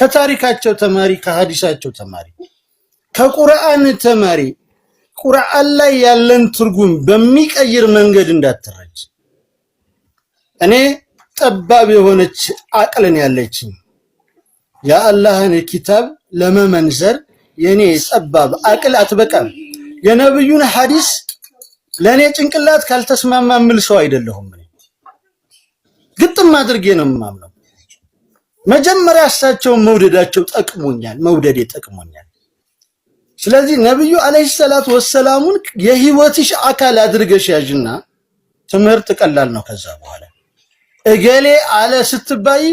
ከታሪካቸው ተማሪ፣ ከሀዲሳቸው ተማሪ፣ ከቁርአን ተማሪ። ቁርአን ላይ ያለን ትርጉም በሚቀይር መንገድ እንዳትረጅ። እኔ ጠባብ የሆነች አቅልን ያለችኝ የአላህን ኪታብ ለመመንዘር የኔ ጠባብ አቅል አትበቃም። የነብዩን ሐዲስ ለኔ ጭንቅላት ካልተስማማ ምል ሰው አይደለሁም። ግጥም አድርጌ ነው የማምነው። መጀመሪያ እሳቸውን መውደዳቸው ጠቅሞኛል፣ መውደዴ ጠቅሞኛል። ስለዚህ ነብዩ አለይሂ ሰላቱ ወሰላሙን የህይወትሽ አካል አድርገሽ ያዥና ትምህርት ቀላል ነው። ከዛ በኋላ እገሌ አለ ስትባይ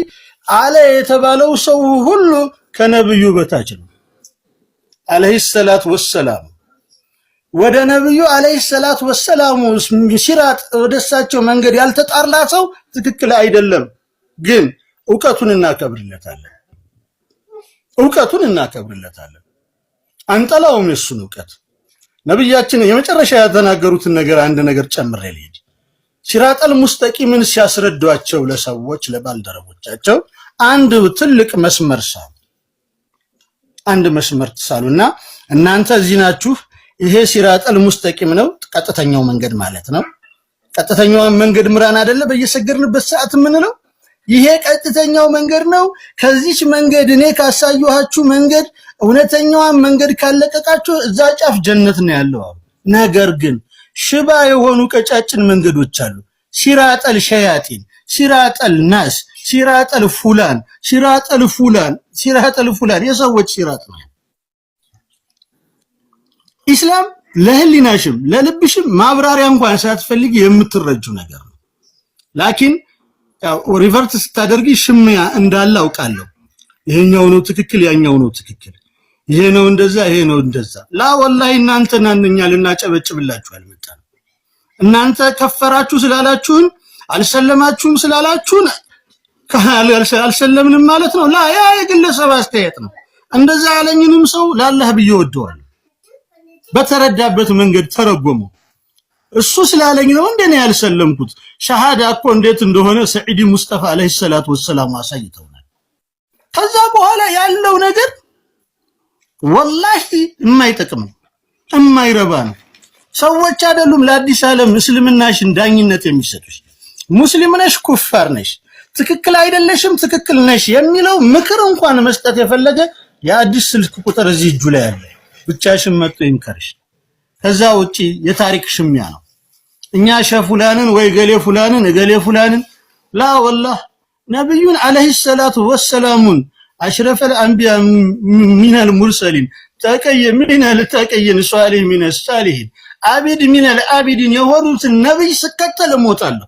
አለ የተባለው ሰው ሁሉ ከነብዩ በታች ነው። አለይሂ ሰላቱ ወሰላሙ ወደ ነብዩ አለይሂ ሰላቱ ወሰላሙ ሲራጥ ወደሳቸው መንገድ ያልተጣራ ሰው ትክክል አይደለም ግን እውቀቱን እናከብርለታለን። እውቀቱን እናከብርለታለን። አንጠላውም የሱን እውቀት። ነቢያችን የመጨረሻ ያተናገሩትን ነገር አንድ ነገር ጨምሬ ልሄድ። ሲራጠል ሙስጠቂምን ሲያስረዷቸው ለሰዎች ለባልደረቦቻቸው አንድ ትልቅ መስመር ሳሉ፣ አንድ መስመር እና እናንተ እዚህ ናችሁ። ይሄ ሲራጠል ሙስጠቂም ነው፣ ቀጥተኛው መንገድ ማለት ነው። ቀጥተኛዋን መንገድ ምራን አይደለ? በየሰገርንበት ሰዓት የምንለው ይሄ ቀጥተኛው መንገድ ነው። ከዚች መንገድ እኔ ካሳየኋችሁ መንገድ እውነተኛዋን መንገድ ካለቀቃችሁ እዛ ጫፍ ጀነት ነው ያለው አሉ። ነገር ግን ሽባ የሆኑ ቀጫጭን መንገዶች አሉ። ሲራጠል ሸያጢን፣ ሲራጠል ናስ፣ ሲራጠል ፉላን፣ ሲራጠል ፉላን፣ ሲራጠል ፉላን የሰዎች ሲራጥ ነው ኢስላም። ለህሊናሽም ለልብሽም ማብራሪያ እንኳን ሳትፈልግ የምትረጁ ነገር ነው ላኪን ሪቨርት ስታደርጊ ሽሚያ እንዳለ አውቃለሁ። ይሄኛው ነው ትክክል፣ ያኛው ነው ትክክል፣ ይሄ ነው እንደዛ፣ ይሄ ነው እንደዛ። ላ ወላሂ እናንተ ናንኛ ልናጨበጭብላችሁ አልመጣንም። እናንተ ከፈራችሁ ስላላችሁን አልሰለማችሁም ስላላችሁን አልሰለምንም ማለት ነው። ላ ያ የግለሰብ አስተያየት ነው። እንደዛ ያለኝንም ሰው ላላህ ብዬ ወደዋለሁ። በተረዳበት መንገድ ተረጎመው። እሱ ስላለኝ ነው እንደ እኔ ያልሰለምኩት። ሸሃዳ እኮ እንዴት እንደሆነ ሰዒዲ ሙስጠፋ ዓለይሂ ሰላቱ ወሰላም አሳይተውናል። ከዛ በኋላ ያለው ነገር ወላሂ የማይጠቅም የማይረባ ነው። ሰዎች አይደሉም ለአዲስ ዓለም እስልምናሽን ዳኝነት የሚሰጡሽ። ሙስሊም ነሽ፣ ኩፋር ነሽ፣ ትክክል አይደለሽም፣ ትክክል ነሽ የሚለው ምክር እንኳን መስጠት የፈለገ የአዲስ ስልክ ቁጥር እዚህ እጁ ላይ አለ። ብቻሽን መጥቶ ይምከርሽ። ከዛ ውጪ የታሪክ ሽሚያ ነው። እኛ ሸህ ፉላንን ወይ ገሌ ፉላንን ገሌ ፉላንን ላ ወላህ ነብዩን አለይሂ ሰላቱ ወሰላሙን አሽረፈል አንቢያ ሚነል ሙርሰሊን ተቀየ ሚነል ተቀየን ሷሊህ ሚነል ሷሊሂን አቢድ ሚነል አቢዲን የሆኑትን ነብይ ስከተል እሞታለሁ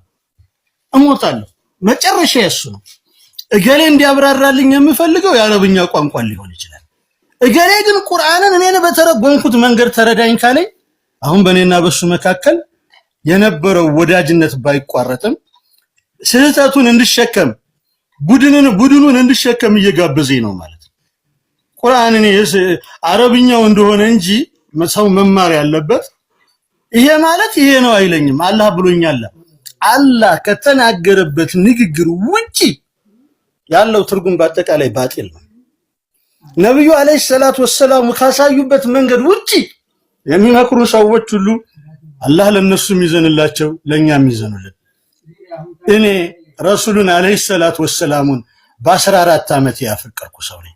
እሞታለሁ። መጨረሻ ያሱ ነው። እገሌ እንዲያብራራልኝ የምፈልገው የአረብኛ ቋንቋ ሊሆን ይችላል። እገሌ ግን ቁርአንን እኔን በተረጎምኩት መንገድ ተረዳኝ ካለኝ አሁን በእኔና በሱ መካከል የነበረው ወዳጅነት ባይቋረጥም ስህተቱን እንድሸከም ቡድንን ቡድኑን እንድሸከም እየጋበዘኝ ነው ማለት ነው። ቁርአንን አረብኛው እንደሆነ እንጂ ሰው መማር ያለበት ይሄ ማለት ይሄ ነው አይለኝም። አላህ ብሎኛል። አላህ ከተናገረበት ንግግር ውጪ ያለው ትርጉም በአጠቃላይ ባጢል ነው። ነብዩ አለይሂ ሰላቱ ወሰላሙ ካሳዩበት መንገድ ውጪ የሚመክሩ ሰዎች ሁሉ አላህ ለነሱ የሚዘንላቸው ለኛም ይዘኑልን። እኔ ረሱሉን አለይሂ ሰላት ወሰላሙን በአስራ አራት ዓመት ያፈቀርኩ ሰው ነኝ።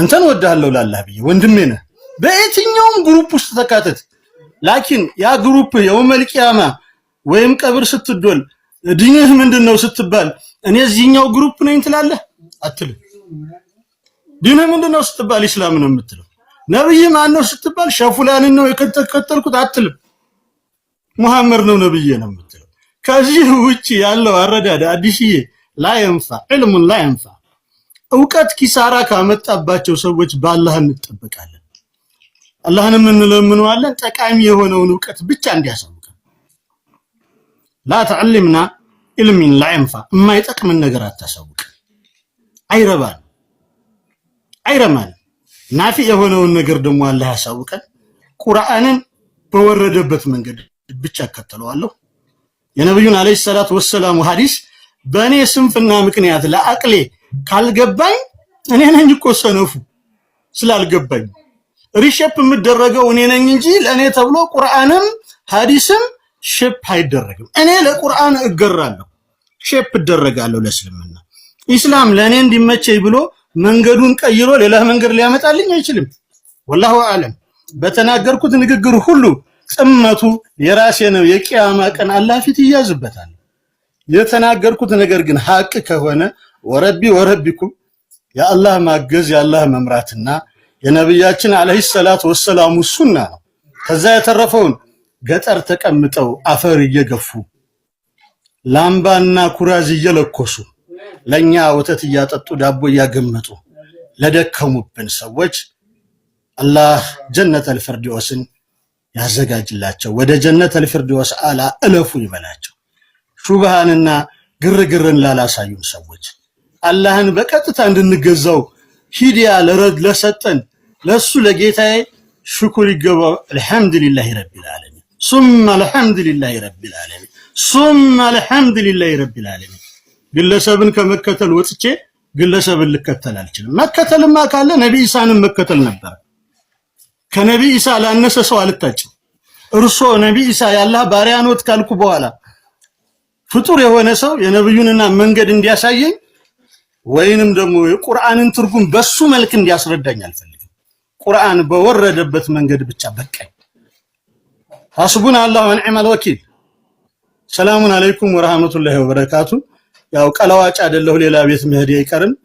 አንተን ወድሃለሁ ላላህ ብዬ ወንድሜ ነህ። በየትኛውም ግሩፕ ውስጥ ተካተት። ላኪን ያ ግሩፕ የውመል ቂያማ ወይም ቀብር ስትዶል ድንህ ምንድነው ስትባል እኔ እዚህኛው ግሩፕ ነኝ ትላለህ አትልም። ድንህ ምንድነው ስትባል ኢስላም ነው የምትለው። ነብይ ማን ነው ስትባል ሸፉላንን ነው የከተከተልኩት አትልም። ሙሐመድ ነው ነብይ ነው የምትለው። ከዚህ ውጪ ያለው አረዳድ አዲስዬ ላይንፋ ዕልሙን ላይንፋ እውቀት ኪሳራ ካመጣባቸው ሰዎች በአላህ እንጠበቃለን። አላህንም እንለምነዋለን ጠቃሚ የሆነውን እውቀት ብቻ እንዲያሳውቀን። ላ ተዕልምና ኢልሚን ላይንፋ የማይጠቅምን ነገር አታሳውቅ። አይረባን አይረማን ናፊ የሆነውን ነገር ደግሞ አላህ ያሳውቀን። ቁርአንን በወረደበት መንገድ ብቻ እከተለዋለሁ። የነብዩን አለይሂ ሰላት ወሰላሙ ሐዲስ በእኔ ስንፍና ምክንያት ለአቅሌ ካልገባኝ እኔ ነኝ እኮ ሰነፉ ስላልገባኝ ሪሸፕ የምደረገው እኔ ነኝ እንጂ ለእኔ ተብሎ ቁርአንም ሐዲስም ሼፕ አይደረግም። እኔ ለቁርአን እገራለሁ፣ ሼፕ እደረጋለሁ ለእስልምና ኢስላም ለእኔ እንዲመቸኝ ብሎ መንገዱን ቀይሮ ሌላ መንገድ ሊያመጣልኝ አይችልም። ወላሁ አለም። በተናገርኩት ንግግር ሁሉ ጥመቱ የራሴ ነው። የቂያማ ቀን አላህ ፊት ይያዝበታል። የተናገርኩት ነገር ግን ሀቅ ከሆነ ወረቢ ወረቢኩም የአላህ ማገዝ የአላህ መምራትና የነቢያችን አለይሂ ሰላት ወሰላሙ ሱና ነው። ከዛ የተረፈውን ገጠር ተቀምጠው አፈር እየገፉ ላምባና ኩራዝ እየለኮሱ ለእኛ ወተት እያጠጡ ዳቦ እያገመጡ ለደከሙብን ሰዎች አላህ ጀነት አልፈርዲዎስን ያዘጋጅላቸው። ወደ ጀነት አልፈርዲዎስ አላ እለፉ ይበላቸው። ሹብሃንና ግርግርን ላላሳዩን ሰዎች አላህን በቀጥታ እንድንገዛው ሂዲያ ለረድ ለሰጠን ለሱ ለጌታዬ ሽኩር ይገባው። አልሐምዱሊላሂ ረቢል ዓለሚን ሱም አልሐምዱሊላሂ ረቢል ዓለሚን ሱም አልሐምዱሊላሂ ረቢል ዓለሚን ግለሰብን ከመከተል ወጥቼ ግለሰብን ልከተል አልችልም። መከተልማ ካለ ነቢ ኢሳንም መከተል ነበር። ከነቢ ኢሳ ላነሰ ሰው አልታጭም። እርሶ ነቢ ኢሳ ያላህ ባሪያ ኖት ካልኩ በኋላ ፍጡር የሆነ ሰው የነብዩንና መንገድ እንዲያሳየኝ ወይንም ደግሞ የቁርአንን ትርጉም በሱ መልክ እንዲያስረዳኝ አልፈልግም። ቁርአን በወረደበት መንገድ ብቻ በቃኝ። ሐስቡን አላሁ ወኒዕመል ወኪል። ሰላሙን አለይኩም ወራህመቱላሂ ወበረካቱሁ። ያው ቀለዋጭ አይደለሁ ሌላ ቤት መሄድ አይቀርም።